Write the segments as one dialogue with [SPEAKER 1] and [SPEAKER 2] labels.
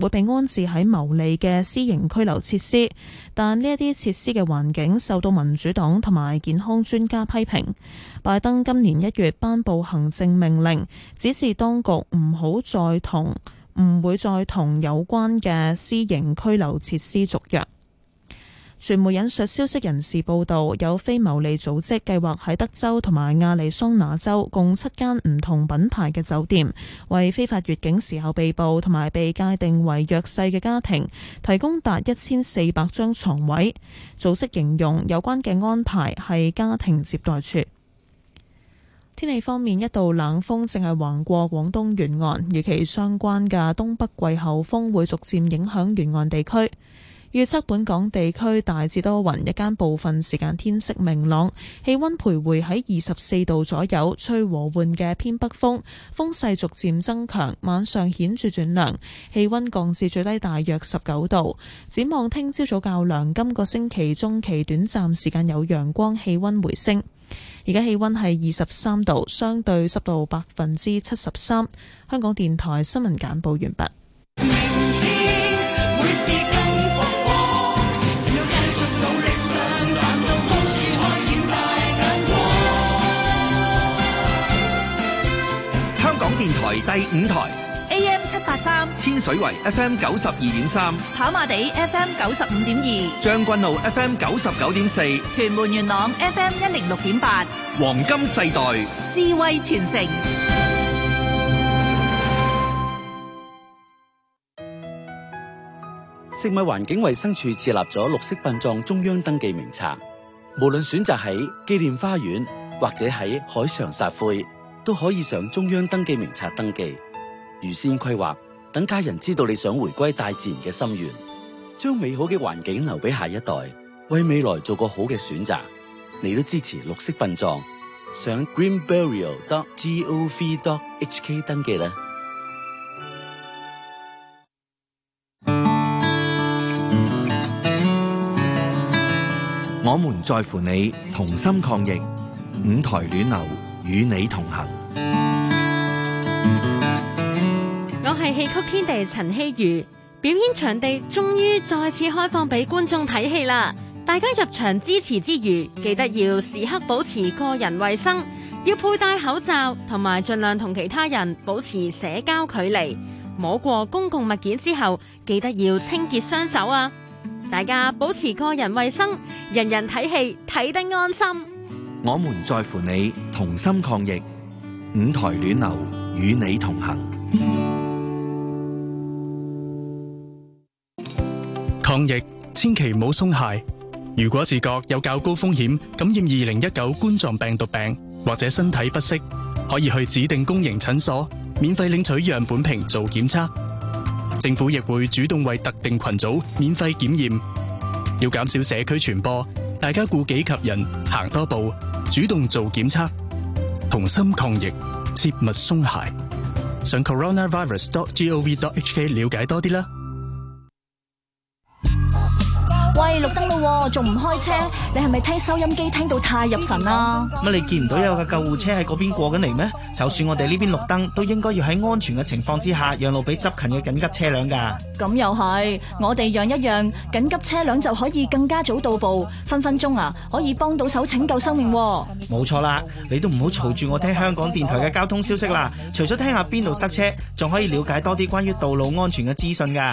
[SPEAKER 1] 會被安置喺牟利嘅私營拘留設施，但呢一啲設施嘅環境受到民主黨同埋健康專家批評。拜登今年一月頒布行政命令，指示當局唔好再同唔會再同有關嘅私營拘留設施續約。傳媒引述消息人士報道，有非牟利組織計劃喺德州同埋亞利桑那州共七間唔同品牌嘅酒店，為非法越境時候被捕同埋被界定為弱勢嘅家庭提供達一千四百張床位。組織形容有關嘅安排係家庭接待處。天氣方面，一道冷鋒正係橫過廣東沿岸，與其相關嘅東北季候風會逐漸影響沿岸地區。預測本港地區大致多雲，日間部分時間天色明朗，氣溫徘徊喺二十四度左右，吹和緩嘅偏北風，風勢逐漸增強，晚上顯著轉涼，氣溫降至最低大約十九度。展望聽朝早較涼，今個星期中期短暫時間有陽光，氣溫回升。而家氣溫係二十三度，相對濕度百分之七十三。香港電台新聞簡報完畢。
[SPEAKER 2] 台第五台 AM 七八三，天水圍 FM 九十二點三，
[SPEAKER 1] 跑馬地 FM 九十五點二，
[SPEAKER 2] 將軍澳 FM 九十九
[SPEAKER 1] 點四，屯門元朗 FM 一零六點八，
[SPEAKER 2] 黃金世代
[SPEAKER 1] 智慧傳城。
[SPEAKER 2] 食物環境衛生署設立咗綠色殯葬中央登記名
[SPEAKER 3] 冊，無論選擇喺紀念花園或者喺海上撒灰。都可以上中央登記名冊登記，預先規劃，等家人知道你想回歸大自然嘅心願，將美好嘅環境留俾下一代，為未來做個好嘅選擇。你都支持綠色殯葬，上 Green Burial dot gov dot hk 登記啦。
[SPEAKER 2] 我們在乎你，同心抗疫，五台暖流，與你同行。
[SPEAKER 4] 戲曲天地陳希如，表演場地終於再次開放俾觀眾睇戲啦！大家入場支持之餘，記得要時刻保持個人衛生，要佩戴口罩，同埋盡量同其他人保持社交距離。摸過公共物件之
[SPEAKER 1] 後，記得要清潔雙手啊！大家保持個人衛生，人人睇戲睇得安心。
[SPEAKER 2] 我們在乎你，同心抗疫，舞台暖流與你同行。抗疫千祈唔好鬆懈。如果自覺有較高風險感染2019冠狀病毒病，或者身體不適，可以去指定公營診所免費領取樣本瓶做檢測。政府亦會主動為特定群組免費檢驗。要減少社區傳播，大家顧己及人，行多步，主動做檢測，同心抗疫，切勿鬆懈。上 coronavirus.gov.hk 了解多啲啦。
[SPEAKER 4] 喂，綠燈咯，仲唔開車？你係咪聽收音機聽到太入神啦？
[SPEAKER 2] 乜你見唔到有架救護車喺嗰邊過緊嚟咩？就算我哋呢邊綠燈，都應該要喺安全嘅情況之下讓路俾執勤嘅緊急車輛噶。
[SPEAKER 4] 咁又係，我哋讓一讓，緊急車輛就可以更加早到步，分分鐘啊，可以幫到手拯救生命啊。
[SPEAKER 2] 冇錯啦，你都唔好嘈住我聽香港電台嘅交通消息啦，除咗聽下邊度塞車，仲可以了解多啲關於道路安全嘅資訊噶。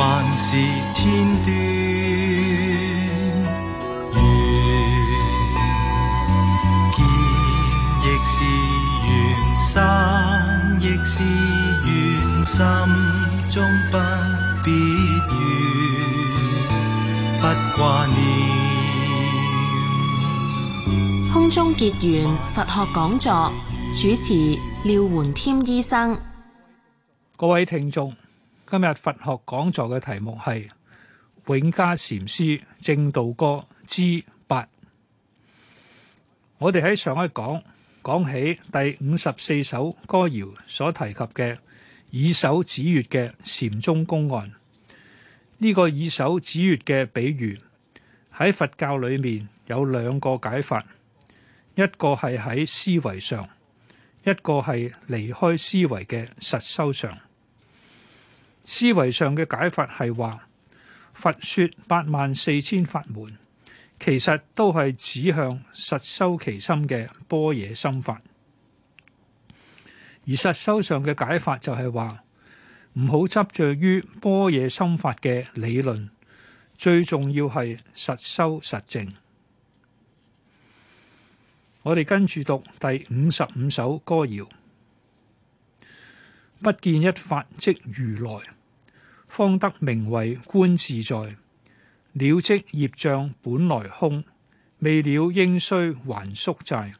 [SPEAKER 2] 萬事千端，緣結亦是緣，散亦是緣，心中不必怨，不掛念。
[SPEAKER 1] 空中結緣佛學講座，主持
[SPEAKER 5] 廖垣添醫生，各位聽眾。今日佛學講座嘅題目係《永嘉禪師證道歌》之八。我哋喺上一講講起第五十四首歌謠所提及嘅以手指月嘅禪宗公案。呢、這個以手指月嘅比喻喺佛教裏面有兩個解法，一個係喺思維上，一個係離開思維嘅實修上。思維上嘅解法係話佛說八萬四千法門，其實都係指向實修其心嘅般若心法。而實修上嘅解法就係話唔好執着於般若心法嘅理論，最重要係實修實證。我哋跟住讀第五十五首歌謠。不見一法即如來，方得名為觀自在。了即業障本來空，未了應須還宿債。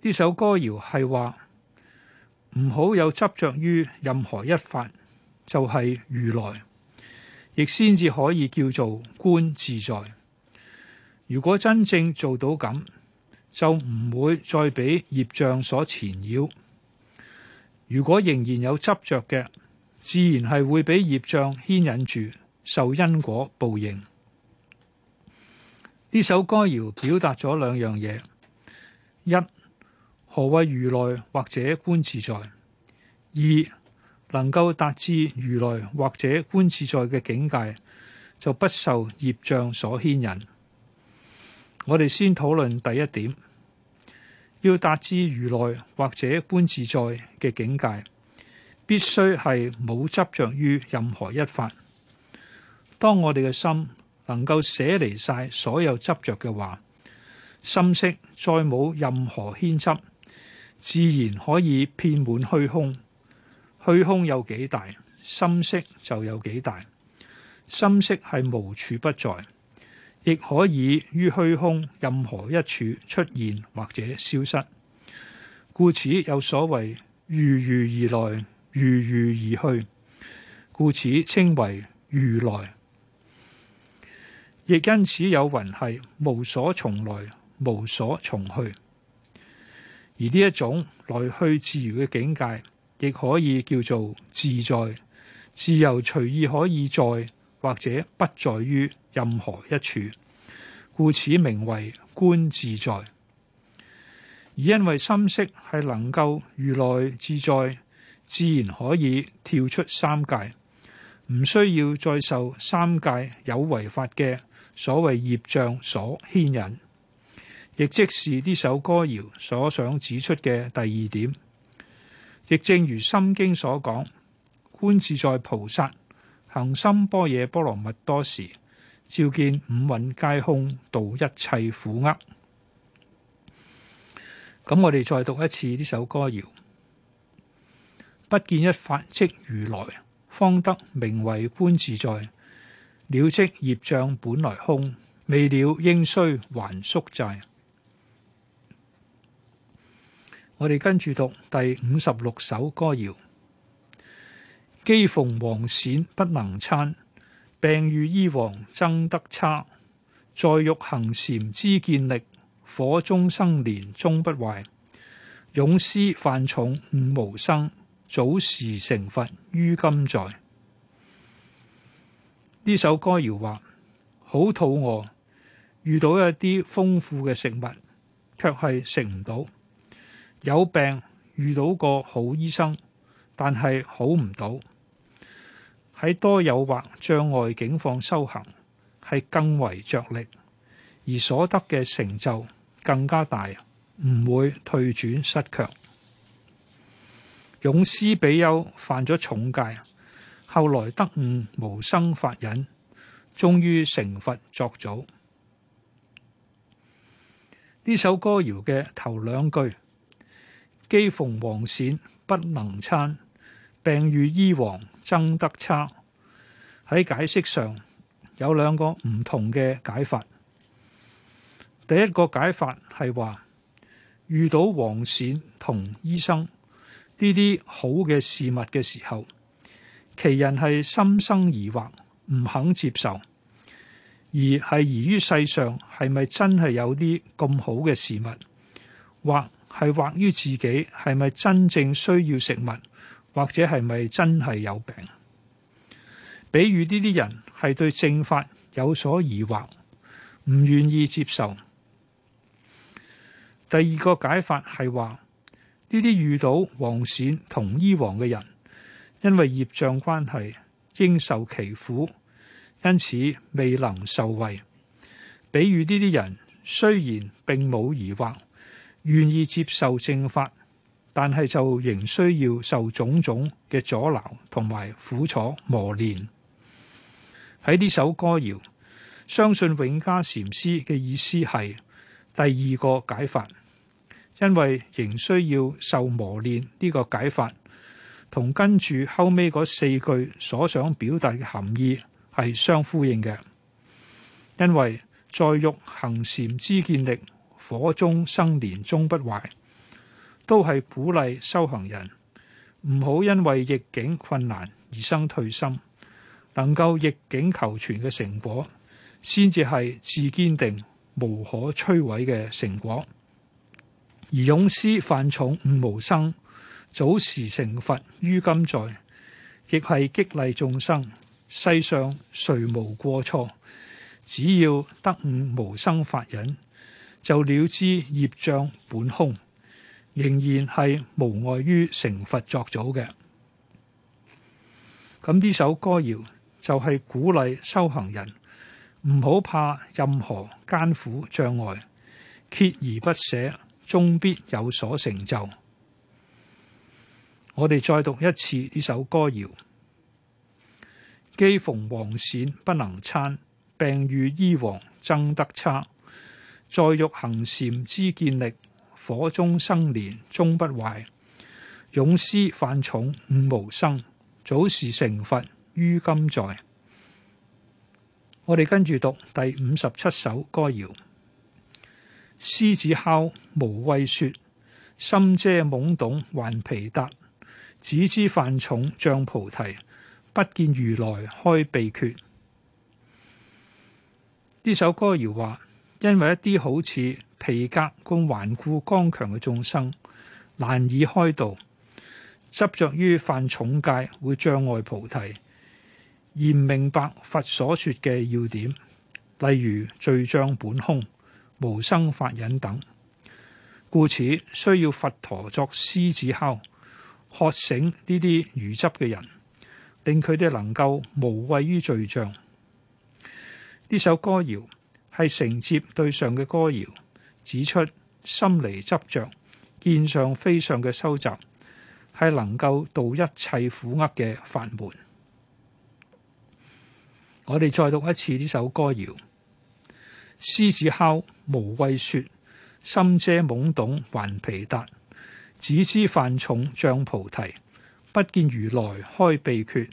[SPEAKER 5] 呢首歌謠係話唔好有執着於任何一法，就係、是、如來，亦先至可以叫做觀自在。如果真正做到咁，就唔會再俾業障所纏繞。如果仍然有執着嘅，自然係會俾業障牽引住，受因果報應。呢首歌謠表達咗兩樣嘢：一何謂如來或者觀自在；二能夠達至如來或者觀自在嘅境界，就不受業障所牽引。我哋先討論第一點。要達至如來或者觀自在嘅境界，必須係冇執着於任何一法。當我哋嘅心能夠捨離晒所有執着嘅話，心識再冇任何牽執，自然可以遍滿虛空。虛空有幾大，心識就有幾大。心識係無處不在。亦可以於虛空任何一處出現或者消失，故此有所謂如如而來，如如而去，故此稱為如來。亦因此有云係無所從來，無所從去，而呢一種來去自如嘅境界，亦可以叫做自在、自由、隨意可以在，或者不在於任何一處，故此名為觀自在。而因為心識係能夠如來自在，自然可以跳出三界，唔需要再受三界有為法嘅所謂業障所牽引，亦即是呢首歌謠所想指出嘅第二點。亦正如《心經》所講，觀自在菩薩。行深般若波羅蜜多時，照見五蘊皆空，度一切苦厄。咁我哋再讀一次呢首歌謠。不見一法即如來，方得名為觀自在。了即業障本來空，未了應須還宿債。我哋跟住讀第五十六首歌謠。饑逢黃鱔不能餐，病遇醫王爭得差。在欲行禪之見力，火中生蓮終不壞。勇師犯重五無生，早時成佛於今在。呢首歌謠話，好肚餓，遇到一啲豐富嘅食物，却係食唔到。有病遇到個好醫生，但係好唔到。喺多誘惑障礙境況修行，係更為着力，而所得嘅成就更加大，唔會退轉失卻。勇施比丘犯咗重戒，後來得悟無生法忍，終於成佛作祖。呢首歌謠嘅頭兩句：饑逢王膳不能餐，病遇醫王爭得差。喺解釋上有兩個唔同嘅解法。第一個解法係話，遇到黃鱔同醫生呢啲好嘅事物嘅時候，其人係心生疑惑，唔肯接受，而係疑於世上係咪真係有啲咁好嘅事物，或係惑於自己係咪真正需要食物，或者係咪真係有病？比喻呢啲人係對正法有所疑惑，唔願意接受。第二個解法係話，呢啲遇到黃善同醫王嘅人，因為業障關係，應受其苦，因此未能受惠。比喻呢啲人雖然並冇疑惑，願意接受正法。但係就仍需要受種種嘅阻撓同埋苦楚磨練。喺呢首歌謠，相信永嘉禪師嘅意思係第二個解法，因為仍需要受磨練呢個解法，同跟住後尾嗰四句所想表達嘅含義係相呼應嘅。因為在欲行禪之見力，火中生蓮終不壞。都係鼓勵修行人唔好因為逆境困難而生退心，能夠逆境求存嘅成果，先至係至堅定無可摧毀嘅成果。而勇施犯重悟無生，早時成佛於今在，亦係激勵眾生。世上誰無過錯？只要得悟無生法忍，就了知業障本空。仍然係無礙於成佛作祖嘅。咁呢首歌謠就係鼓勵修行人唔好怕任何艱苦障礙，鍥而不捨，終必有所成就。我哋再讀一次呢首歌謠：飢逢王膳不能餐，病遇醫王爭得差。在欲行禪知見力。火中生蓮終不壞，勇施犯重悟無生，早時成佛於今在。我哋跟住讀第五十七首歌謠：獅子吼，無畏說，深嗟懵懂頑皮靼，只知犯重障菩提，不見如來開秘訣。呢首歌謠話。因為一啲好似皮革咁頑固剛強嘅眾生，難以開導，執着於犯重戒會障礙菩提，而唔明白佛所説嘅要點，例如罪障本空、無生法忍等，故此需要佛陀作獅子吼，喝醒呢啲愚執嘅人，令佢哋能夠無畏於罪障。呢首歌謠，係承接對上嘅歌謠，指出心離執著、見上非上嘅修習，係能夠度一切苦厄嘅法門。我哋再讀一次呢首歌謠：獅子吼無畏説，深嗟懵懂頑皮靼，只知犯重障菩提，不見如來開秘訣。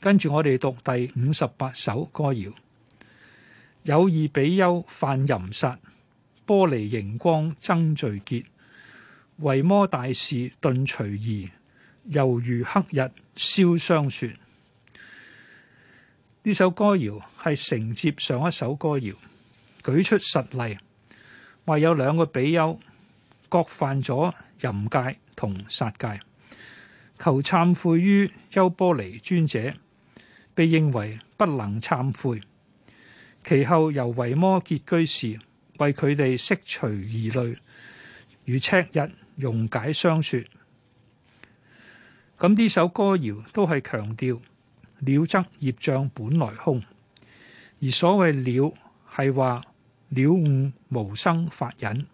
[SPEAKER 5] 跟住我哋讀第五十八首歌謠。有二比丘犯淫殺，波離熒光增罪結，維摩大事頓除疑，猶如黑日燒霜雪。」呢首歌謠係承接上一首歌謠，舉出實例，話有兩個比丘各犯咗淫戒同殺戒，求懺悔於優波離尊者。被認為不能懺悔，其後由維摩詰居士為佢哋釋除疑慮，如赤日溶解霜雪。咁呢首歌謠都係強調了則業障本來空，而所謂了係話了悟無生法忍，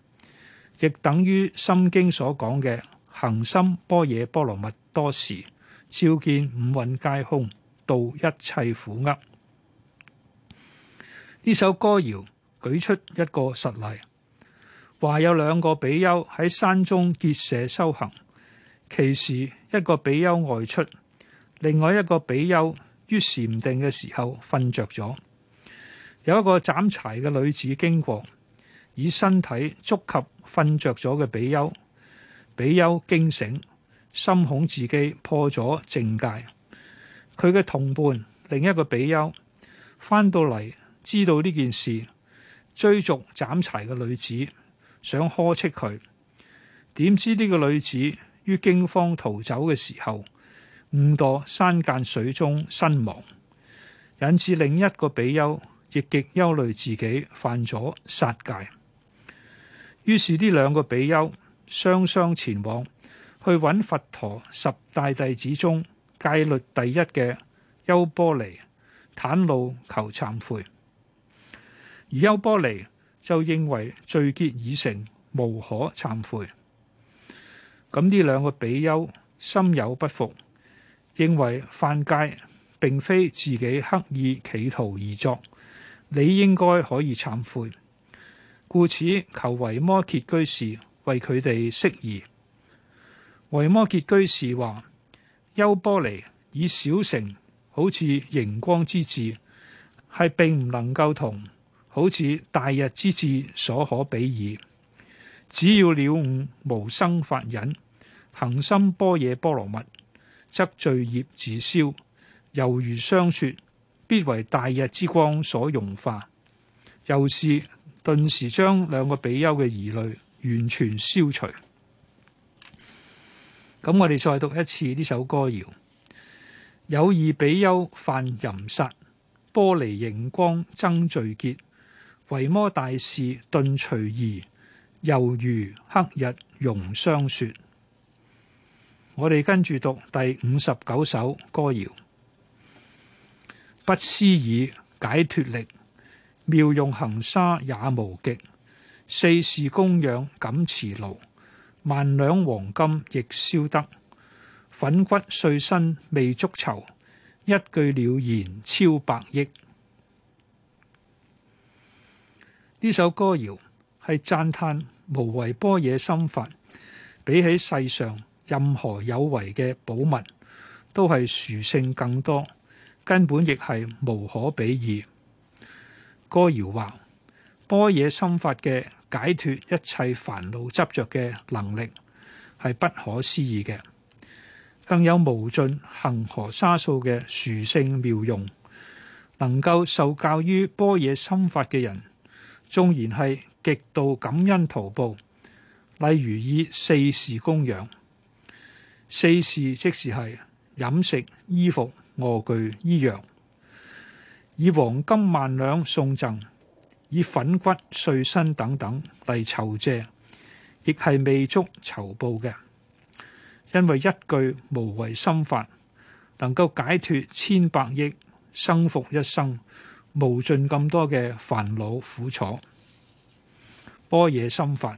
[SPEAKER 5] 亦等於心經所講嘅行深般若波羅蜜多時，照見五蘊皆空，道一切苦厄，呢首歌謠舉出一個實例，話有兩個比丘喺山中結社修行，其時一個比丘外出，另外一個比丘於禪定嘅時候瞓着咗，有一個斬柴嘅女子經過，以身體觸及瞓着咗嘅比丘，比丘驚醒，心恐自己破咗正戒。佢嘅同伴，另一個比丘返到嚟，知道呢件事，追逐斬柴嘅女子，想呵斥佢。點知呢個女子於驚慌逃走嘅時候，誤墮山澗水中身亡，引致另一個比丘亦極憂慮自己犯咗殺戒。於是呢兩個比丘雙雙前往去揾佛陀十大弟子中，戒律第一嘅優波離坦露求懺悔，而優波離就認為罪結已成，無可懺悔。咁呢兩個比丘心有不服，認為犯戒並非自己刻意企圖而作，你應該可以懺悔，故此求維摩詰居士為佢哋釋疑。維摩詰居士話。優波離以小乘好似螢光之智，係並唔能夠同好似大日之智所可比擬。只要了悟無生法忍，行深般若波羅蜜，則罪孽自消，猶如霜雪必為大日之光所融化。又是頓時將兩個比丘嘅疑慮完全消除。咁我哋再讀一次呢首歌謠，有義比丘犯淫殺，波離熒光增罪劫，維摩大士頓隨義，猶如黑日融霜雪。我哋跟住讀第五十九首歌謠，不思議解脱力，妙用行沙也無極，四事供養感慈勞，萬兩黃金亦燒得粉骨碎身未足酬，一句了然超百億。呢首歌謠係讚歎無為般若心法，比起世上任何有為嘅寶物，都係殊勝更多，根本亦係無可比擬。歌謠話般若心法嘅。解脫一切煩惱執着嘅能力係不可思議嘅，更有無盡恒河沙數嘅殊勝妙用，能夠受教於般若心法嘅人，縱然係極度感恩圖報，例如以四時供養，四時即是係飲食、衣服、臥具、醫藥，以黃金萬兩送贈。以粉骨碎身等等嚟酬謝，亦係未足酬報嘅，因為一句無為心法能夠解脱千百億生復一生無盡咁多嘅煩惱苦楚。般若心法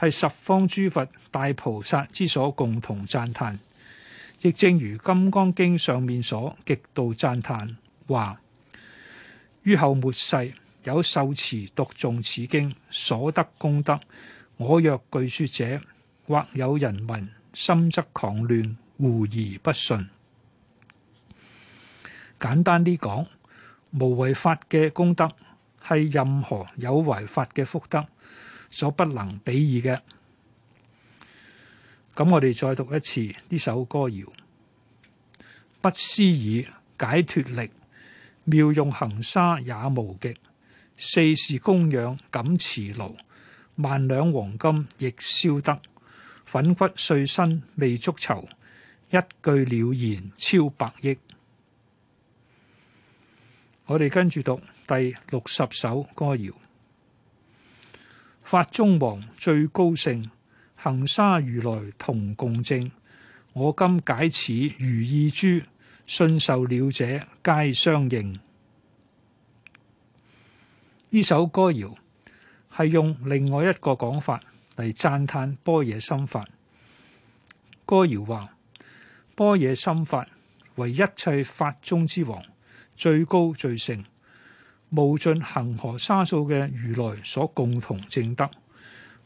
[SPEAKER 5] 係十方諸佛大菩薩之所共同讚歎，亦正如《金剛經》上面所極度讚歎，話於後末世。有受持讀誦此經所得功德，我若具說者，或有人聞心則狂亂，狐疑不信。簡單啲講，無為法嘅功德係任何有為法嘅福德所不能比擬嘅。咁我哋再讀一次呢首歌謠，不思議，解脫力，妙用恆沙也無極。四是供養敢辭勞，萬兩黃金亦消得，粉骨碎身未足酬，一句了然超百億。我哋跟住讀第六十首歌謠。法中王最高勝，行沙如來同共證。我今解此如意珠，信受了者皆相應。呢首歌謠係用另外一個講法嚟讚嘆般若心法。歌謠話，般若心法為一切法中之王，最高最勝，無盡恒河沙數嘅如來所共同證得。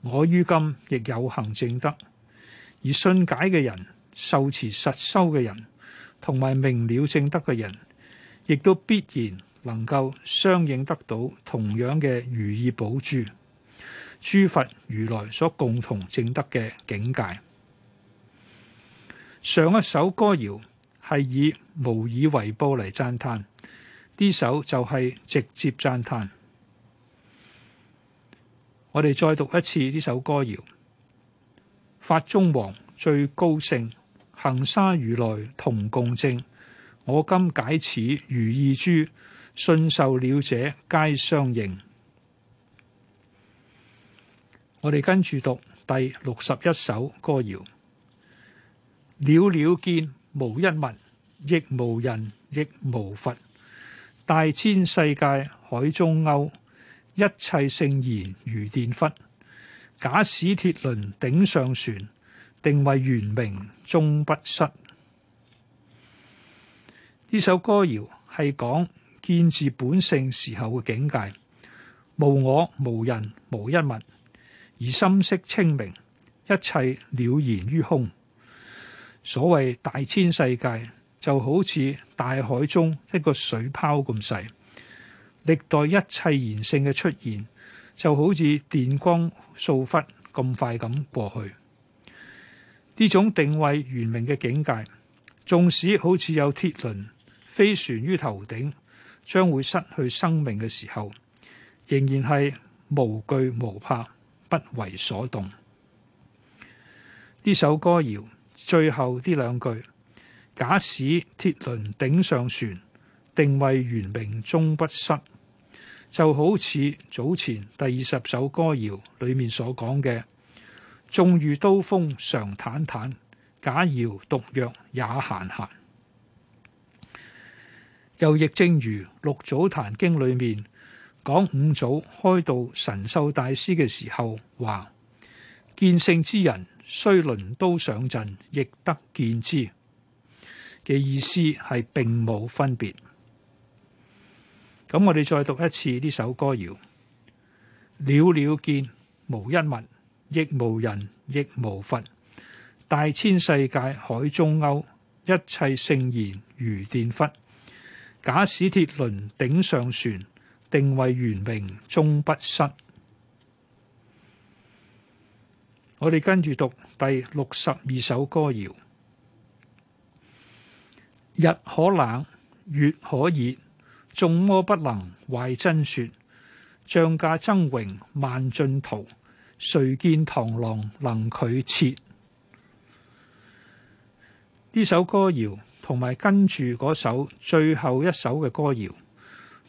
[SPEAKER 5] 我於今亦有行證得，而信解嘅人，受持實修嘅人，同埋明了證得嘅人，亦都必然。能夠相應得到同樣嘅如意寶珠，諸佛如來所共同證得嘅境界。上一首歌謠係以無以為報嚟讚嘆，呢首就係直接讚嘆。我哋再讀一次呢首歌謠：法中王最高聖，行沙如來同共證，我今解此如意珠。信受了者皆相應。我哋跟住讀第六十一首歌謠：了了見無一物，亦無人亦無佛。大千世界海中漚，一切聖賢如電忽。假使鐵輪頂上旋，定為圓明終不失。呢首歌謠係講。見自本性時候嘅境界，無我無人無一物，而心識清明，一切了然於空。所謂大千世界就好似大海中一個水泡咁細，歷代一切賢聖嘅出現就好似電光掃忽咁快咁過去。呢種定慧圓明嘅境界，縱使好似有鐵輪飛旋於頭頂。將會失去生命嘅時候，仍然係無懼無怕，不為所動。呢首歌謠最後呢兩句：假使鐵輪頂上旋，定慧圓明終不失。就好似早前第二十首歌謠裡面所講嘅，縱遇刀鋒常坦坦，假饒毒藥也閒閒。又亦正如六祖壇經裏面講五祖開到神秀大師嘅時候，話見性之人，雖輪刀上陣，亦得見之嘅意思係，並冇分別。咁我哋再讀一次呢首歌謠：了了見，無一物；亦無人，亦無佛。大千世界海中漚，一切聖賢如電拂。假使鐵輪頂上旋，定位圓明終不失。我哋跟住讀第六十二首歌謠：日可冷，月可熱，眾魔不能壞真說。象駕爭榮萬駿途，誰見螳螂能拒切？呢首歌謠。同埋跟住嗰首最後一首嘅歌謠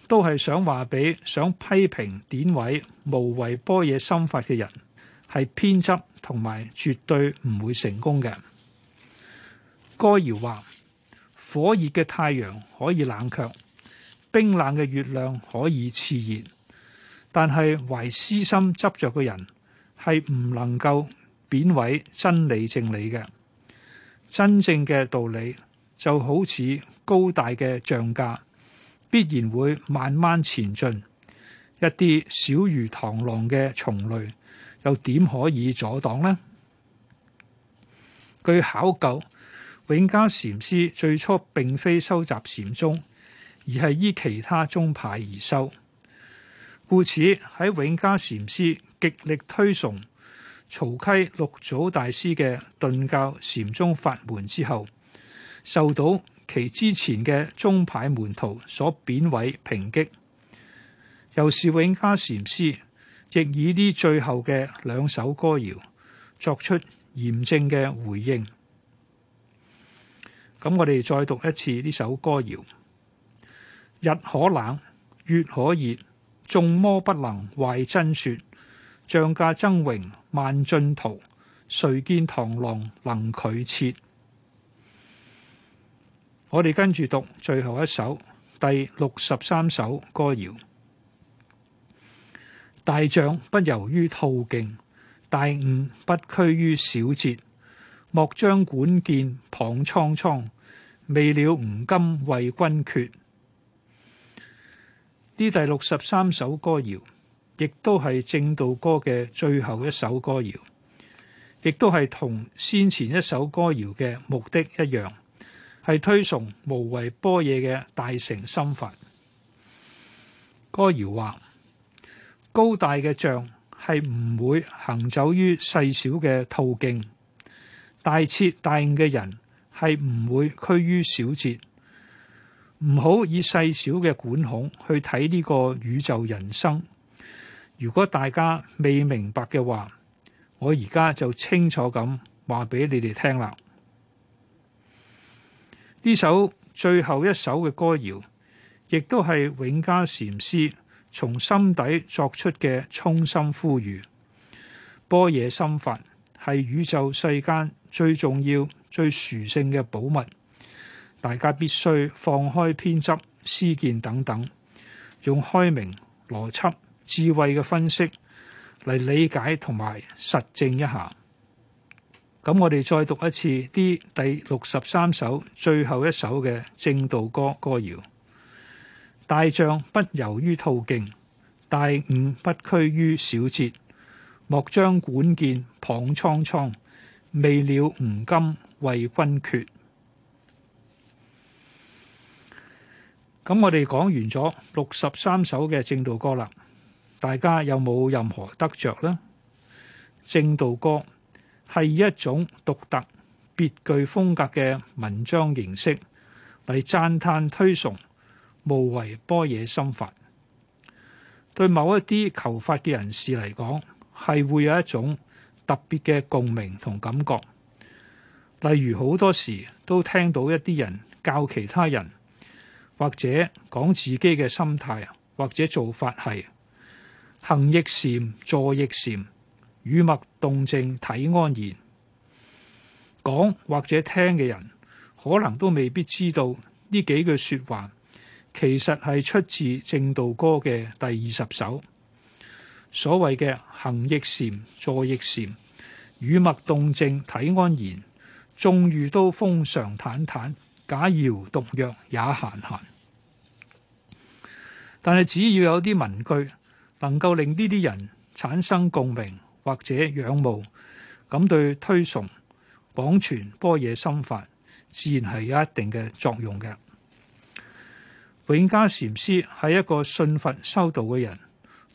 [SPEAKER 5] 都係想話俾想批評典韋無為般若心法嘅人係偏執同埋絕對唔會成功嘅。歌謠話，火熱嘅太陽可以冷卻，冰冷嘅月亮可以熾熱，但係懷私心執着嘅人係唔能夠貶毀真理正理嘅真正嘅道理。就好似高大嘅象架，必然會慢慢前進，一啲小如螳螂嘅蟲類，又點可以阻擋呢？據考究，永嘉禪師最初並非收集禪宗，而係依其他宗派而修。故此喺永嘉禪師極力推崇曹溪六祖大師嘅頓教禪宗法門之後，受到其之前嘅宗派門徒所貶毀抨擊，由是永嘉禪師亦以呢最後嘅兩首歌謠作出嚴正嘅回應。咁我哋再讀一次呢首歌謠：日可冷，月可熱，眾魔不能壞真説；象駕崢嶸謾進途，誰見螳螂能拒轍？我哋跟住讀最後一首第六十三首歌謠。大象不遊於兔徑，大悟不拘於小節。莫將管見謗蒼蒼，未了吾今為君決。呢第六十三首歌謠，亦都係證道歌嘅最後一首歌謠，亦都係同先前一首歌謠嘅目的一樣。係推崇無為般若嘅大乘心法。歌謠話：高大嘅象係唔會行走於細小嘅途徑；大徹大悟嘅人係唔會屈於小節。唔好以細小嘅管孔去睇呢個宇宙人生。如果大家未明白嘅話，我而家就清楚咁話俾你哋聽啦。呢首最後一首嘅歌謠，亦都係永嘉禪師從心底作出嘅衷心呼籲。般若心法係宇宙世間最重要、最殊勝嘅寶物，大家必須放開偏執、思見等等，用開明、邏輯、智慧嘅分析嚟理解同埋實證一下。咁我哋再讀一次啲第六十三首最後一首嘅正道歌歌謠。大象不遊於兔徑，大悟不拘於小節。莫將管見傍蒼蒼，未了吾今為君決。咁我哋講完咗六十三首嘅正道歌啦，大家有冇任何得着呢？正道歌。係一種獨特、別具風格嘅文章形式嚟讚歎推崇無為般若心法。對某一啲求法嘅人士嚟講，係會有一種特別嘅共鳴同感覺。例如好多時都聽到一啲人教其他人，或者講自己嘅心態，或者做法係行亦禪，坐亦禪。語默動靜體安然，講或者聽嘅人可能都未必知道呢幾句說話其實係出自正道歌嘅第二十首。所謂嘅行亦禪，坐亦禪，語默動靜體安然，縱遇刀鋒常坦坦，假饒毒藥也閒閒。但係只要有啲文句能夠令呢啲人產生共鳴。或者仰慕咁對推崇、榜傳、般若心法，自然係有一定嘅作用嘅。永嘉禪師係一個信佛修道嘅人，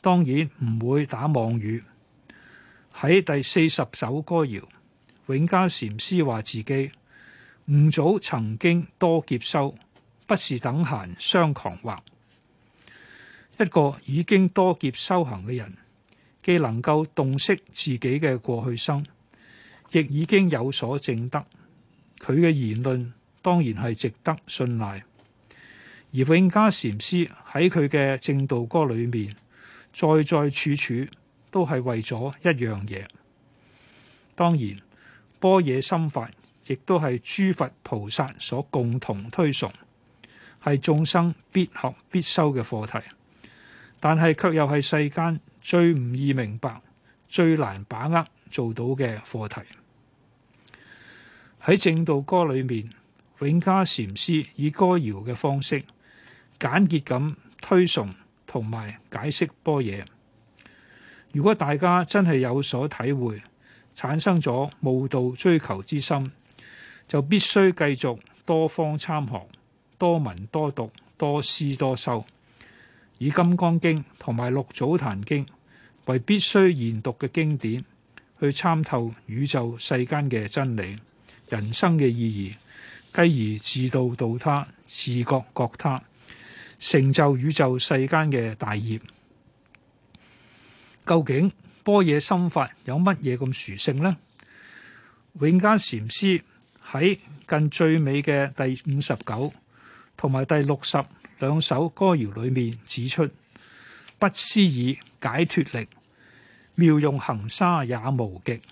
[SPEAKER 5] 當然唔會打妄語。喺第四十首歌謠，永嘉禪師話自己吾早曾經多劫修，不是等閒相誑惑。一個已經多劫修行嘅人。既能夠洞悉自己嘅過去生，亦已經有所證得。佢嘅言論當然係值得信賴。而永嘉禪師喺佢嘅證道歌裏面，再再處處都係為咗一樣嘢。當然，般若心法亦都係諸佛菩薩所共同推崇，係眾生必學必修嘅課題。但係卻又係世間。最唔易明白、最難把握做到嘅課題，喺證道歌裏面，永嘉禪師以歌謠嘅方式簡潔咁推崇同埋解釋般若。如果大家真係有所體會，產生咗慕道追求之心，就必須繼續多方參學、多聞多讀、多思多修。以《金剛經》同埋《六祖壇經》為必須研讀嘅經典，去參透宇宙世間嘅真理、人生嘅意義，繼而自度度他、自覺覺他，成就宇宙世間嘅大業。究竟般若心法有乜嘢咁殊勝呢？永嘉禪師喺近最尾嘅第五十九同埋第六十。兩首歌謠裏面指出，不思議解脱力，妙用恆沙也無極。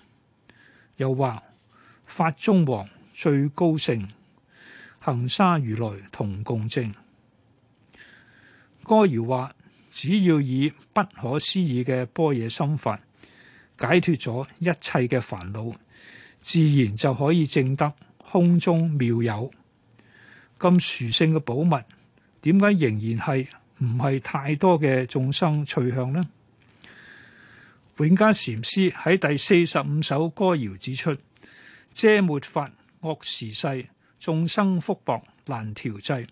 [SPEAKER 5] 又話法中王最高勝，恆沙如來同共證。歌謠話，只要以不可思議嘅般若心法，解脱咗一切嘅煩惱，自然就可以證得空中妙有咁殊勝嘅寶物。點解仍然係唔係太多嘅眾生趣向呢？永嘉禪師喺第四十五首歌謠指出：遮末法惡時世，眾生福薄難調制。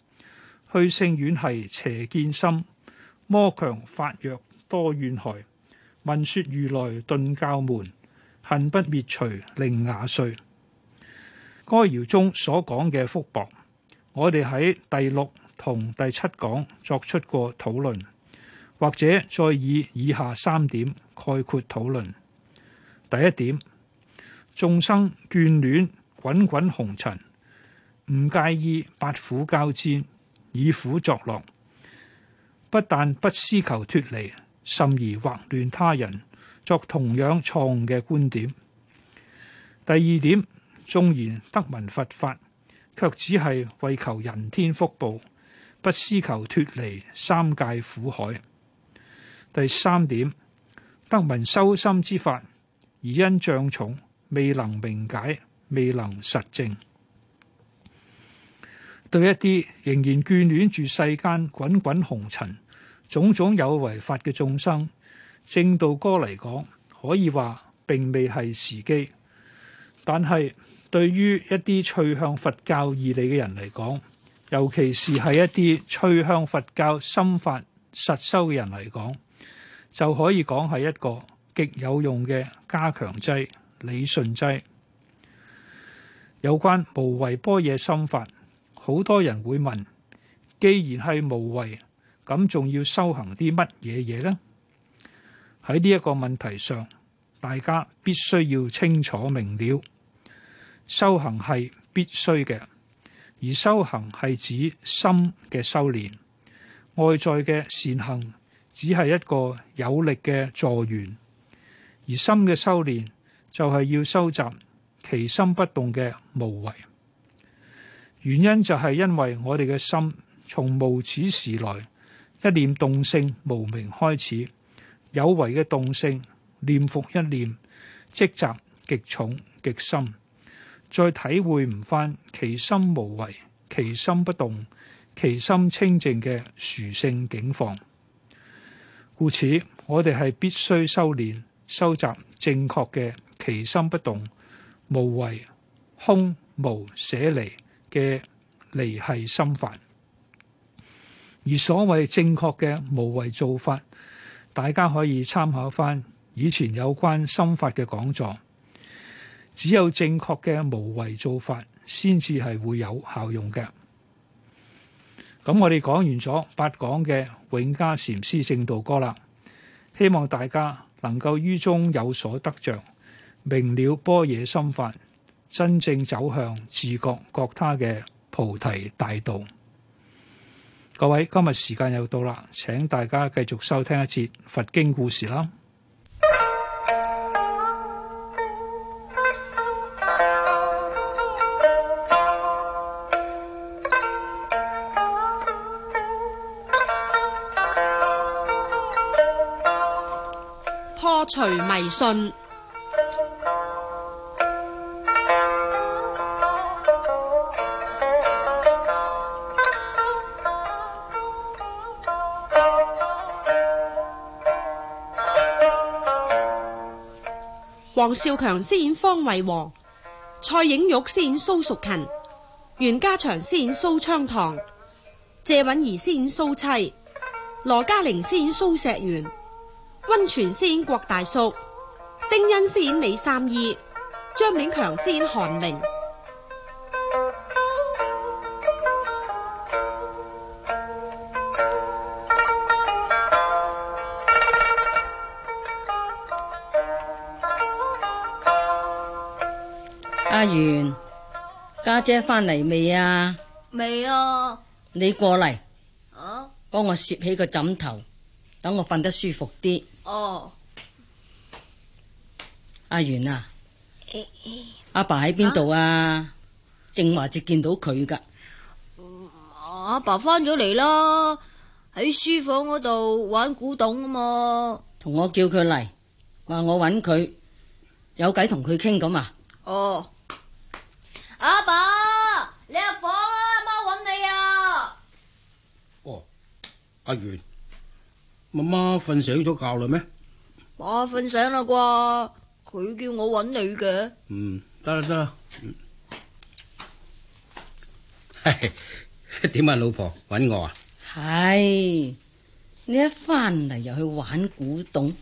[SPEAKER 5] 去聖遠係邪見心，魔強法弱多怨害。聞説如來頓教門，恨不滅除令瓦碎。歌謠中所講嘅福薄，我哋喺第六，同第七講作出過討論，或者再以以下三點概括討論。第一點，眾生眷戀滾滾紅塵，唔介意八苦交煎，以苦作樂，不但不思求脫離，甚而惑亂他人，作同樣錯誤嘅觀點。第二點，縱然得聞佛法，卻只係為求人天福報，不思求脫離三界苦海。第三點，得聞修心之法，而因障重未能明解，未能實證。對一啲仍然眷戀住世間滾滾紅塵、種種有為法嘅眾生，證道歌嚟講，可以話並未係時機。但係對於一啲趨向佛教義理嘅人嚟講，尤其是係一啲趨向佛教心法實修嘅人嚟講，就可以講係一個極有用嘅加強劑、理順劑。有關無為般若心法，好多人會問：既然係無為，咁仲要修行啲乜嘢嘢呢？喺呢一個問題上，大家必須要清楚明瞭，修行係必須嘅。而修行係指心嘅修練，外在嘅善行只係一個有力嘅助緣，而心嘅修練就係要收集其心不動嘅無為。原因就係因為我哋嘅心從無始時來，一念動性無明開始，有為嘅動性，念復一念積集極重極深。再體會唔返，其心無為，其心不動，其心清淨嘅殊勝境況。故此，我哋係必須修練、收集正確嘅其心不動、無為、空無捨離嘅離繫心法。而所謂正確嘅無為做法，大家可以參考返以前有關心法嘅講座。只有正確嘅無為做法，先至係會有效用嘅。咁我哋講完咗八講嘅永嘉禪師證道歌啦，希望大家能夠於中有所得着，明了般若心法，真正走向自覺覺他嘅菩提大道。各位，今日時間又到啦，請大家繼續收聽一節佛經故事啦。
[SPEAKER 2] 除
[SPEAKER 4] 迷信，黃少強飾演方偉和，蔡穎玉飾演蘇淑勤，袁家祥飾演蘇昌棠，謝允儀飾演蘇妻，羅嘉玲飾演蘇石元。溫泉先演郭大叔。丁恩先演李三姨，張勉強先演韓明。阿元，家姐翻嚟未啊？
[SPEAKER 1] 未啊。
[SPEAKER 4] 你過嚟。哦。幫我攝起個枕頭。等我瞓得舒服啲。哦，阿元啊，
[SPEAKER 6] 欸
[SPEAKER 4] 欸、阿爸喺邊度啊？啊正話就見到佢噶、
[SPEAKER 6] 嗯。阿爸翻咗嚟啦，
[SPEAKER 4] 喺書房嗰度玩古董啊嘛。同我叫佢嚟，話我揾佢，有偈同佢傾咁啊？哦，
[SPEAKER 1] 阿爸，你入房啦、啊，阿媽揾你啊。
[SPEAKER 3] 哦，阿元。媽媽瞓醒咗覺啦咩？我瞓醒啦
[SPEAKER 4] 啩，佢叫我揾你嘅。
[SPEAKER 3] 嗯，得啦得啦。嗯，係、哎、點啊，老婆揾我啊？係
[SPEAKER 4] 你一翻嚟又去玩古董，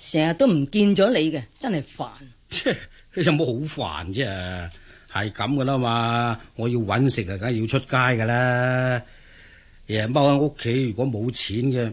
[SPEAKER 4] 成日都唔見咗你嘅，真係煩。
[SPEAKER 3] 切、 啊，有冇好煩啫？係咁噶啦嘛，我要揾食啊，梗係要出街噶啦。日日踎喺屋企，如果冇錢嘅。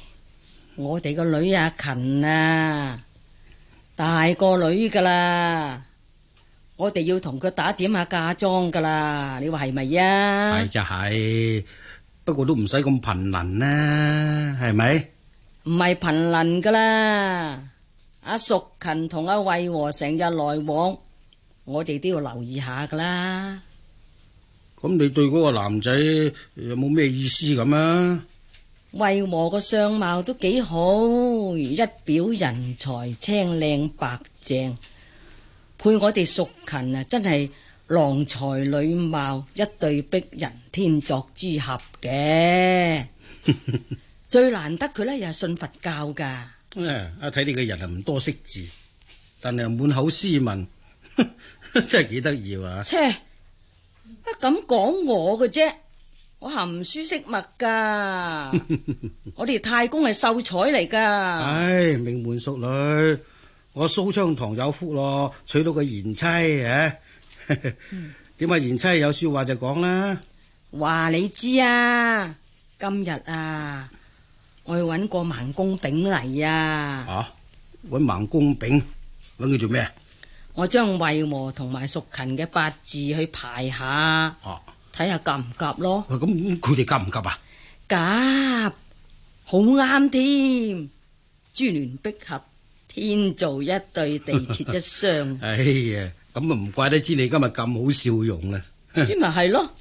[SPEAKER 4] 我哋個女阿勤啊，大個女噶啦，我哋要同佢打點下嫁妝噶啦，你話係咪啊？係就
[SPEAKER 3] 係，不過都唔使咁頻倫啦，係咪？唔
[SPEAKER 4] 係頻倫噶啦，阿淑勤同阿惠和成日來往，我哋都要留意下噶啦。
[SPEAKER 3] 咁你對嗰個男仔有冇咩意思咁啊？
[SPEAKER 4] 為磨個相貌都幾好，一表人才，青靚白淨，配我哋淑勤啊，真係郎才女貌，一對逼人天
[SPEAKER 3] 作之合嘅。
[SPEAKER 4] 最難得佢呢，又係信佛教噶。
[SPEAKER 3] 一睇、 啊、你個人啊唔多識字，但係又滿口斯文，真係幾得意啊！切，
[SPEAKER 4] 乜咁講我嘅啫。我含書識墨噶，我哋太公係秀才嚟噶。
[SPEAKER 3] 唉，名門淑女，我蘇昌堂有福咯，娶到個賢妻啊！點解賢妻有說話就講啦。話你知啊，今日啊，
[SPEAKER 4] 我要揾個盲公炳嚟啊。啊，
[SPEAKER 3] 揾盲公炳，揾佢做咩？
[SPEAKER 4] 我將為和同埋淑勤嘅八字去排下。睇下夾唔夾
[SPEAKER 3] 咯，咁佢哋夾唔夾啊？
[SPEAKER 4] 夾，好啱添，珠聯璧合，天造一對，地設一雙。
[SPEAKER 3] 哎呀，咁啊唔怪得之你今日咁好笑容啊！咁咪
[SPEAKER 4] 係咯，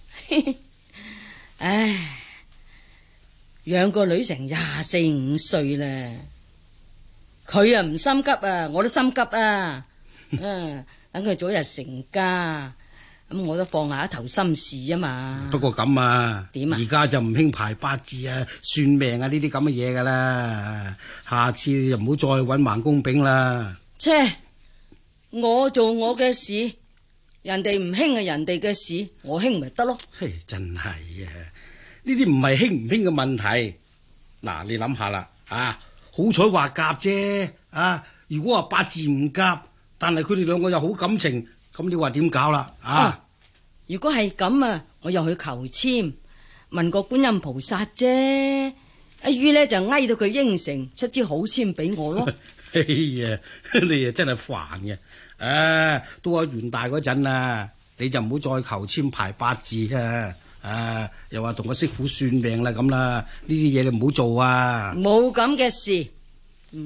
[SPEAKER 4] 唉，養個女成廿四五歲啦，
[SPEAKER 3] 佢
[SPEAKER 4] 啊唔心急啊，我都心急啊，嗯，等佢早日成家。咁我都放下一頭心事啊嘛，
[SPEAKER 3] 不過咁啊，點啊？而家就唔興排八字啊、算命啊呢啲咁嘅嘢噶啦，下次就唔好再揾盲公炳啦。切，
[SPEAKER 4] 我做我嘅事，人哋唔興啊，人哋嘅事我興咪得咯。嘿，
[SPEAKER 3] 真係啊，呢啲唔係興唔興嘅問題。嗱，你諗下啦，啊，好彩話夾啫，啊，如果話八字唔夾，但係佢哋兩個有好感情。咁你話點搞啦？啊，啊！如果係咁啊，我又去求簽，
[SPEAKER 4] 問個觀音菩薩啫。阿于呢就挨到佢應承，出支好簽俾我咯。
[SPEAKER 3] 哎呀， 你啊真係煩嘅。誒，到我元大嗰陣啊，你就唔好再求簽排八字啊。啊，又話同個媳婦算命啦咁啦，呢啲嘢你唔好做啊。
[SPEAKER 4] 冇咁嘅事，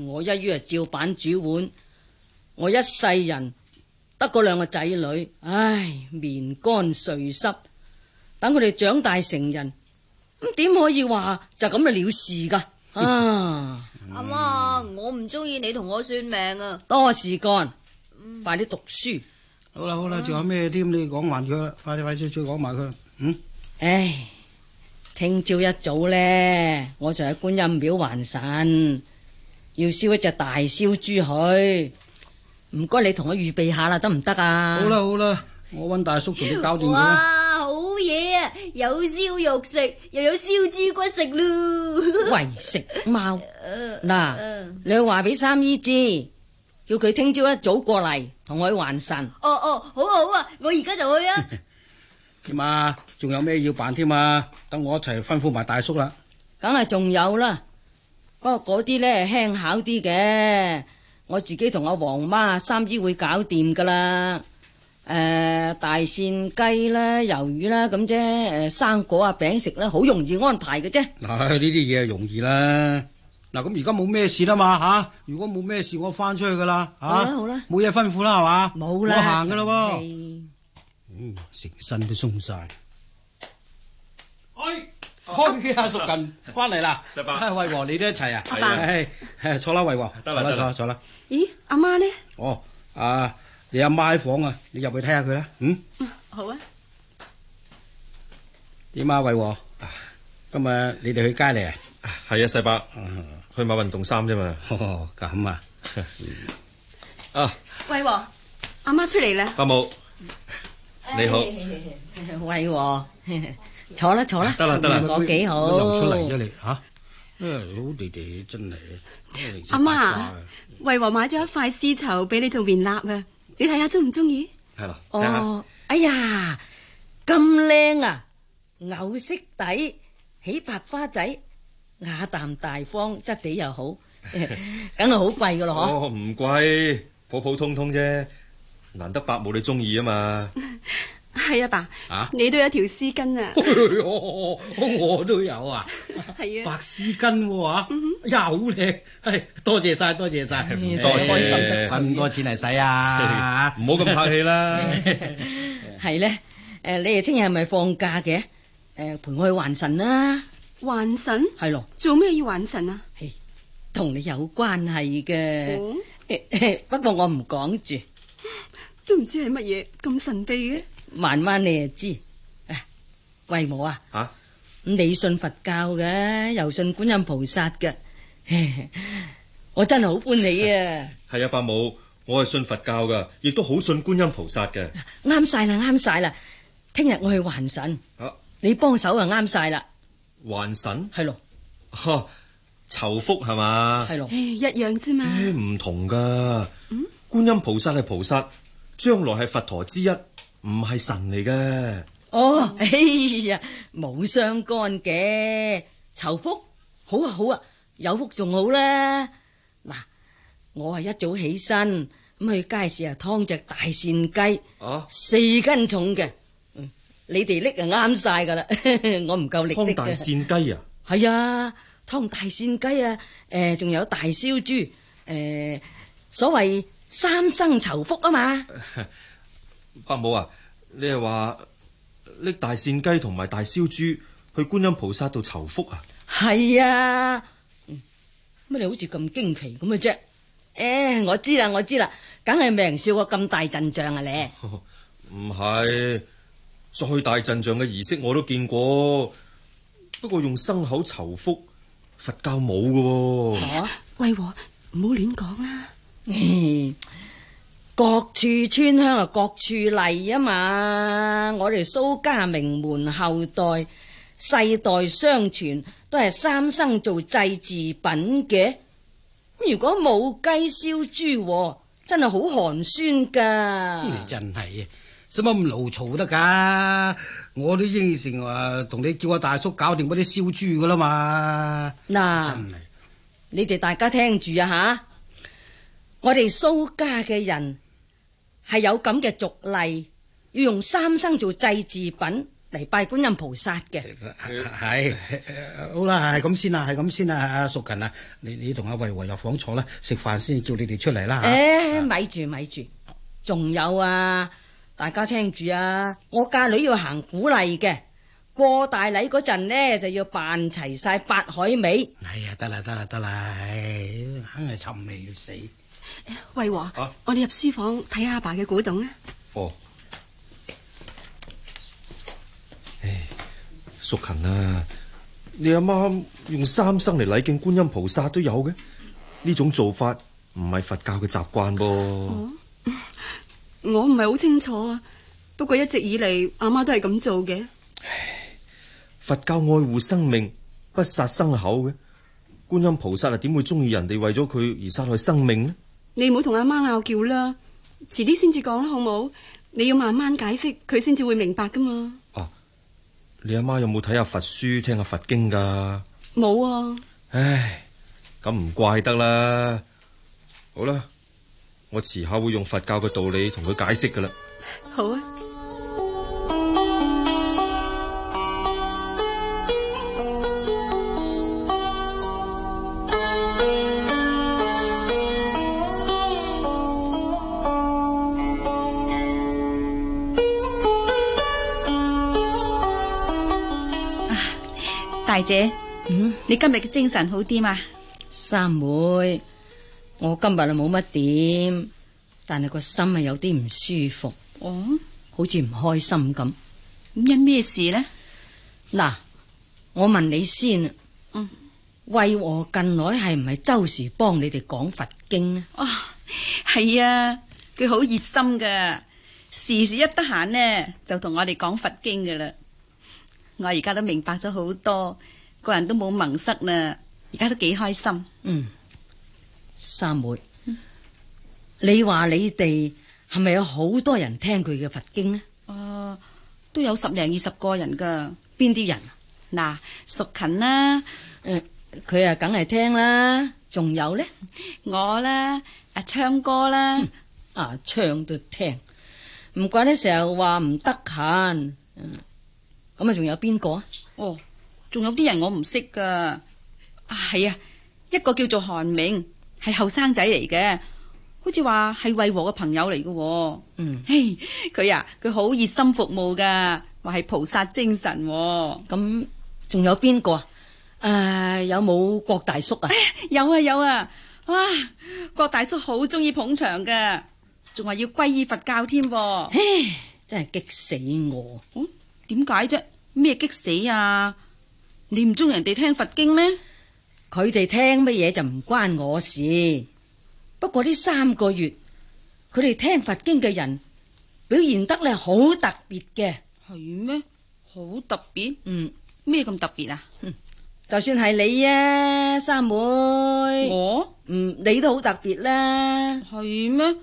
[SPEAKER 4] 我一於啊照板煮碗，我一世人。得個兩個仔女，唉，面乾碎濕，等佢哋長大成人，咁點可以話就咁就了事噶？阿媽，我唔中意你同我算命啊！
[SPEAKER 3] 多事干，
[SPEAKER 4] 快啲讀書。
[SPEAKER 3] 好啦好啦，仲有咩添？你講埋佢啦，快啲快啲再講埋佢。嗯，唉，
[SPEAKER 4] 聽朝一早咧，我就喺觀音廟還神，要燒一隻大燒豬去。唔該，你同我預備下啦，得唔得啊？好啦
[SPEAKER 3] 好啦，我揾大叔同你交
[SPEAKER 4] 掂佢。 哇，
[SPEAKER 1] 好嘢啊！有
[SPEAKER 4] 燒肉食，又有燒豬骨食咯。 喂，食貓嗱， 你去話俾三姨知，叫佢聽朝一早過嚟同我還神。
[SPEAKER 1] 哦哦，好啊好啊，我而家就去啊。
[SPEAKER 3] 點啊？仲有咩要辦添啊？等我一齊吩咐埋大叔啦。
[SPEAKER 4] 梗係仲有啦，不過嗰啲咧係輕巧啲嘅。我自己同阿黃媽三姨會搞掂噶啦，誒、呃、大扇雞啦、魷魚啦咁啫，誒生、呃、果啊、餅食啦，好容易安排嘅啫。
[SPEAKER 3] 嗱呢啲嘢容易啦。嗱咁而家冇咩事啦嘛吓、啊，如果冇咩事我翻出去噶啦、啊啊。好好、啊、啦，冇嘢吩咐啦係嘛，冇啦，我行噶咯。嗯，成身都鬆晒。阿叔近翻嚟啦，世伯，阿偉和你都一齊啊，阿爸，坐啦，偉和，坐啦，坐啦，坐啦。咦，阿媽呢？哦，啊，你阿媽喺房啊，你入去睇下佢啦。嗯，嗯，好啊。點啊，偉和，今日你哋去街嚟啊？
[SPEAKER 2] 係啊，世伯，去買運動衫
[SPEAKER 3] 啫嘛。哦，咁啊。啊，偉和，
[SPEAKER 1] 阿媽出
[SPEAKER 4] 嚟啦。伯
[SPEAKER 3] 母，你好。
[SPEAKER 4] 偉和。坐啦，坐啦，得啦，得啦，我幾好，我
[SPEAKER 3] 游出嚟啫你吓，好地地真係。阿媽，
[SPEAKER 4] 慧華買咗一塊絲綢俾你做面衲啊，你睇下中唔中意？係啦，哦，哎呀，咁靚媽啊，藕、啊、色底，起白花仔，雅淡大方，質地又好，梗係好貴噶咯嗬？
[SPEAKER 2] 唔貴、哦，普普通通啫，難得伯母你中意啊嘛。 係啊，爸，
[SPEAKER 4] 你都有條絲巾啊！
[SPEAKER 3] 我都有啊，係啊，白絲巾哇，又靚，多謝晒，多謝晒，唔該晒，揾咁多錢嚟使啊，唔好咁客氣啦。
[SPEAKER 4] 係咧，誒，你哋聽日係咪放假嘅？誒，陪我去還神啦！還神係咯，做咩要還神啊？同你有關係嘅，不過我唔講住，都唔知係乜嘢咁神秘嘅。慢慢你就知，唉，貴母啊，吓，你信佛教嘅，又信觀音菩薩嘅， 我真係好歡喜啊！
[SPEAKER 2] 係、哎、啊，伯母，我係信佛教噶，亦都好信觀音菩薩嘅。
[SPEAKER 4] 啱晒啦，啱晒啦，聽日我去還神，你幫手啊，啱晒啦。
[SPEAKER 2] 還神係咯，哈的，酬 福係嘛，係
[SPEAKER 4] 咯的， 一樣之、啊、嘛，
[SPEAKER 2] 唔、欸、同噶，觀音菩薩係菩薩，將來係佛陀之一。唔係神嚟嘅
[SPEAKER 4] 哦，哎呀，冇相干嘅，求福好啊好啊，有福仲好啦。嗱，我係一早起身咁去街市啊，劏隻大扇雞，四斤重嘅。嗯，你哋拎啊，啱晒噶啦，我唔夠力劏大扇雞啊，係啊，劏大扇雞啊，誒，仲有大燒豬，誒，所謂三生求福啊嘛。
[SPEAKER 2] 阿母啊，啊，你係話拎大扇雞同埋大燒豬去觀音菩薩度求福啊？
[SPEAKER 4] 係啊，乜、嗯、你好似咁驚奇咁嘅啫？誒，我知啦，我知啦，梗係命人笑過咁大陣仗啊，你
[SPEAKER 2] 唔係，哦，再大陣仗嘅儀式我都見過，不過用牲口求福，佛教冇㗎，啊。吓、啊，
[SPEAKER 4] 喂，唔好亂講啦。
[SPEAKER 2] 各處村鄉
[SPEAKER 4] 啊，各處嚟啊嘛！我哋蘇家名門後代，世代相傳都係三生做祭祀品嘅。如果冇雞燒豬，真係好寒酸噶！
[SPEAKER 3] 你真係啊，使乜咁勞嘈得噶？我都應承話同你叫阿大叔搞掂嗰啲燒豬噶啦嘛！嗱喏，真係你哋大家
[SPEAKER 4] 聽住啊吓！我哋蘇家嘅人。係有咁嘅俗例，要用三生做祭祀品嚟拜觀音菩薩嘅。
[SPEAKER 3] 哎。係、哎、好啦，係咁先啦，係咁先啦。啊，阿淑琴啊，你你同阿慧慧入房坐啦，食飯先叫你哋出嚟啦。誒，
[SPEAKER 4] 咪住咪住，仲有啊，大家聽住啊，我嫁女要行古禮嘅，過大禮嗰陣呢，就要扮齊晒八海味。
[SPEAKER 3] 係啊、哎，得啦得啦得啦，硬係沉眉要死。衛華，
[SPEAKER 4] 啊、我哋入書房睇阿爸嘅古董啊！哦，唉、
[SPEAKER 3] 哎，淑
[SPEAKER 2] 琴啊，你阿媽用三生嚟禮敬觀音菩薩都有嘅，呢種做法唔係佛教嘅習慣噃。
[SPEAKER 4] 我唔係好清楚啊，不過一直以嚟阿媽都係咁做嘅、哎。
[SPEAKER 2] 佛教愛護生命，不殺生口嘅，觀音菩薩啊，點會中意人哋為咗佢而殺害生命呢？
[SPEAKER 4] 你唔好同阿媽拗叫啦，遲啲先至講啦，好冇？你要慢慢解釋，佢先至會明白噶嘛？
[SPEAKER 2] 哦、啊，你阿媽有冇睇下佛書、聽下佛經噶？
[SPEAKER 4] 冇啊。
[SPEAKER 2] 唉，咁唔怪得啦。好啦，我遲下會用佛教嘅道理同佢解釋噶啦。好啊。
[SPEAKER 4] 大姐，嗯，你今日嘅精神好啲嗎？三妹，我今日就冇乜點，但係個心係有啲唔舒服，哦，好似唔開心咁。咁因咩事呢？嗱，我問你先啦。嗯，慧和近來係唔係周時幫你哋講佛經、哦、啊？哦，係啊，佢好熱心噶，時時一得閒呢就同我哋講佛經噶啦。我而家都明白咗好多，個人都冇矇塞啦，而家都幾開心。嗯，三妹，嗯、你話你哋係咪有好多人聽佢嘅佛經呢？啊、呃，都有十零二十個人㗎。邊啲人？嗱、啊，淑琴啦，佢啊梗係聽啦。仲有咧，我啦，阿昌哥啦，阿昌都聽。唔怪得成日話唔得閒。咁、哦、啊，仲有邊個啊？哦，仲有啲人我唔識噶，係啊，一個叫做韓明，係後生仔嚟嘅，好似話係衛和嘅朋友嚟嘅。嗯，嘿，佢啊，佢好熱心服務噶，話係菩薩精神。咁仲有邊個啊？誒、嗯啊，有冇郭大叔啊？哎、有啊有啊，哇，郭大叔好中意捧場噶，仲話要皈依佛教添，唉，真係激死我。嗯點解啫？咩激死啊？你唔中意人哋聽佛經咩？佢哋聽乜嘢就唔關我事。不過呢三個月，佢哋聽佛經嘅人表現得咧好特別嘅。係咩？好特別？嗯，咩咁特別啊？就算係你啊，三妹，我嗯你都好特別啦。係咩？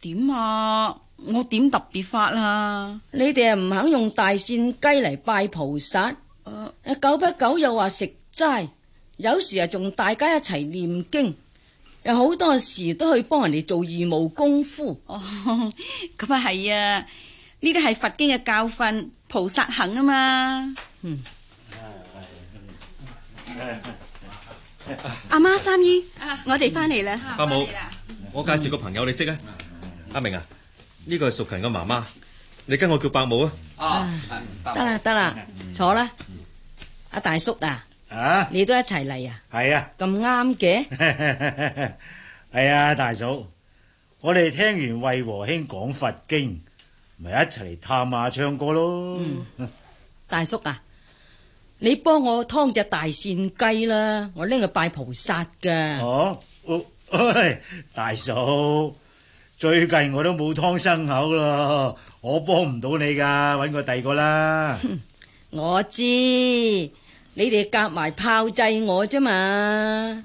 [SPEAKER 4] 點啊？我點特別法啊？你哋啊唔肯用大扇雞嚟拜菩薩，誒、啊，久不久又話食齋，有時啊仲大家一齊念經，有好多時都去幫人哋做義務功夫。哦，咁啊係啊，呢啲係佛經嘅教訓，菩薩行啊嘛。嗯。阿、啊、媽、三姨，啊、我哋翻嚟啦。阿、啊啊、母，
[SPEAKER 2] 我介紹個朋友你識啊，阿明啊。啊明啊，啊明啊。呢個係淑勤嘅媽媽，你跟我叫伯母啊！
[SPEAKER 4] 得啦得啦，坐啦，阿大叔啊，
[SPEAKER 3] 啊你都一齊嚟啊？係啊，咁啱嘅，係 啊，大嫂，我哋聽完魏和興講佛經，咪一齊嚟探下唱歌咯。嗯。
[SPEAKER 4] 大叔啊，你幫我劏隻大扇雞啦，我拎佢拜菩薩嘅。哦、
[SPEAKER 3] 哎，大嫂。最近我都冇湯生口咯，我幫唔到你噶，搵個第二個啦。我知
[SPEAKER 4] 你哋夾埋炮製我啫嘛。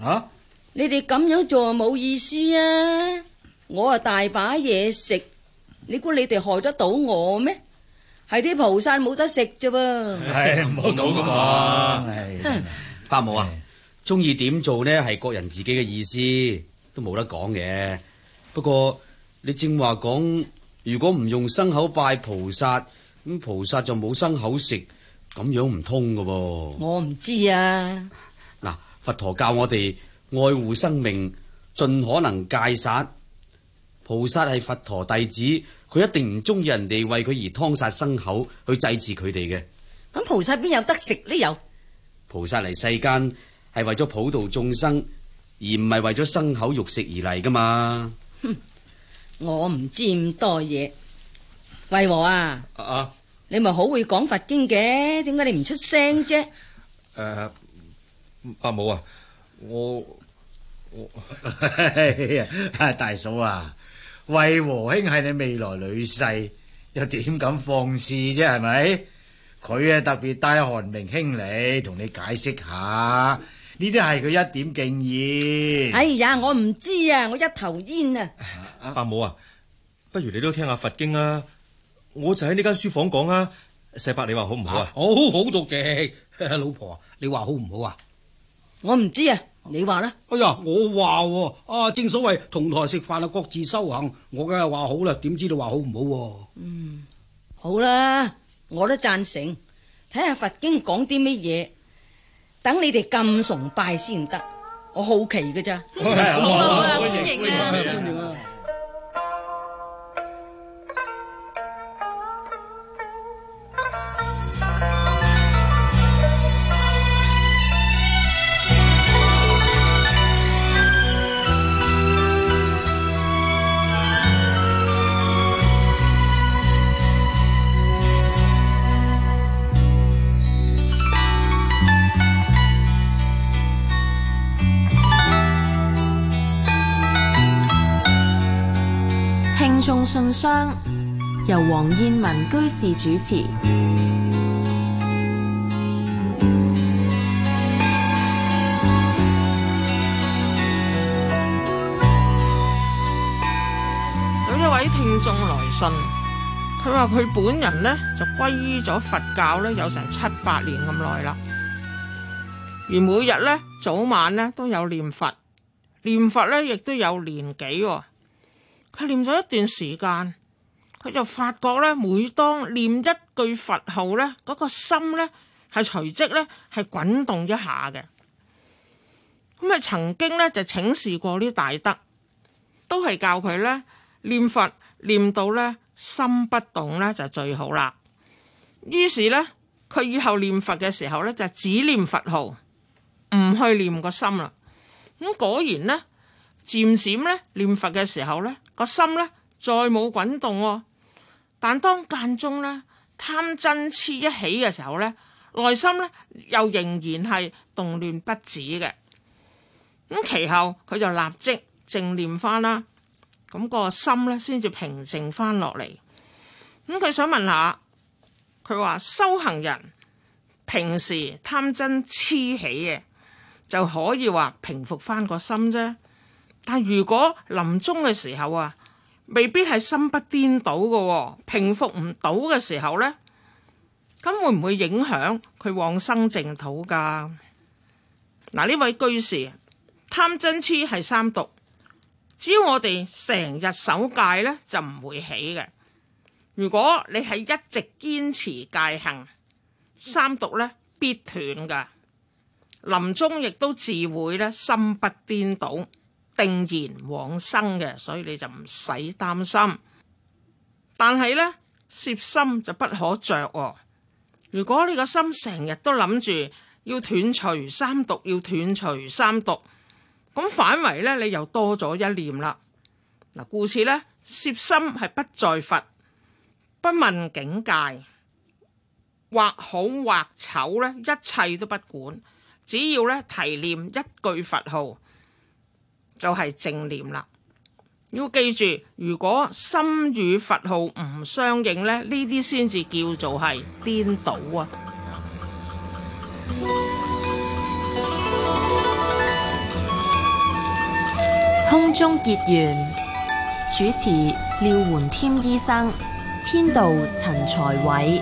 [SPEAKER 4] 啊！你哋咁樣做啊冇意思啊！我啊大把嘢食，你估你哋害得到我咩？係啲菩薩冇得食啫喎。
[SPEAKER 3] 係冇咁講噶嘛。
[SPEAKER 2] 法毛啊，中意點做呢係各人自己嘅意思，都冇得講嘅。不過。你正話講，如果唔用牲口拜菩薩，咁菩薩就冇牲口食，咁樣唔通噶噃。我唔知啊。嗱，佛陀教我哋愛護生命，盡可能戒殺。菩薩係佛陀弟子，佢一定唔中意人哋為佢而劏殺牲口去祭祀佢哋嘅。咁菩薩邊有
[SPEAKER 4] 得食呢？有。
[SPEAKER 2] 菩薩嚟世間係為咗普度眾生，而唔係為咗牲口肉食而嚟噶嘛。哼。
[SPEAKER 4] 我唔知咁多嘢，慧和啊，啊你咪好會講佛經嘅，點解你唔出聲啫？誒、啊，
[SPEAKER 3] 阿、啊、母啊，啊，我我 大嫂啊，慧和兄係你未來女婿，又點敢放肆啫？係咪？佢啊特別帶韓明兄你，同你解釋下，呢啲係佢一點敬意。
[SPEAKER 4] 哎呀，我唔知啊，我一頭煙啊！
[SPEAKER 2] 啊、伯母啊，不如你都聽下佛經啊，我就喺呢間書房講啊，細伯你話好唔好啊？哦、好好讀嘅，
[SPEAKER 3] 老婆你話好唔好啊？我唔知啊，你話啦。哎呀，我話啊，正所謂同台食飯啊，各自修行。我梗係話好啦，點知你話好唔好？嗯，
[SPEAKER 4] 好啦，我都贊成。睇下佛經講啲乜嘢，等你哋咁崇拜先得。我好奇噶咋？啊、哎，好好好好歡迎啊！
[SPEAKER 1] 信箱由黃燕文居士主持。
[SPEAKER 6] 有一位聽眾來信，佢話佢本人呢就皈依咗佛教呢有成七八年咁耐啦，而每日呢，早晚呢都有念佛，念佛呢亦都有年幾、哦。佢念咗一段時間，佢就發覺咧，每當念一句佛號咧，嗰個心咧係隨即咧係滾動一下嘅。咁啊，曾經咧就請示過啲大德，都係教佢咧念佛，念到咧心不動咧就最好啦。於是咧，佢以後念佛嘅時候咧就只念佛號，唔去念個心啦。咁果然咧，漸漸咧念佛嘅時候咧。個心咧再冇滾動，但當間中咧貪嗔痴一起嘅時候咧，內心咧又仍然係動亂不止嘅。咁其後佢就立即靜念翻啦，咁個心咧先至平靜翻落嚟。咁佢想問下，佢話修行人平時貪嗔痴起嘅就可以話平復翻個心啫。但如果臨終嘅時候啊，未必係心不顛倒嘅。哦，平復唔到嘅時候呢，咁會唔會影響佢往生淨土噶嗱，呢位居士貪瞋痴係三毒，只要我哋成日守戒呢，就唔會起嘅。如果你係一直堅持戒行，三毒呢必斷噶，臨終亦都自會呢，心不顛倒。定然往生嘅，所以你就唔使擔心。但係呢，攝心就不可着哦。如果你個心成日都諗住要斷除三毒，要斷除三毒，咁反為呢，你又多咗一念啦。故此呢，攝心係不在佛，不問境界，或好或醜呢，一切都不管，只要呢，提念一句佛號。就係正念啦，要記住，如果心與佛號唔相應呢，呢啲先至叫做係顛倒啊！
[SPEAKER 1] 空中結緣，主持廖垣添醫生，編導陳才偉。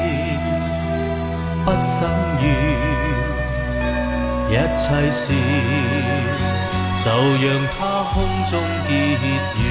[SPEAKER 2] 不想怨，一切事就讓它空中結緣。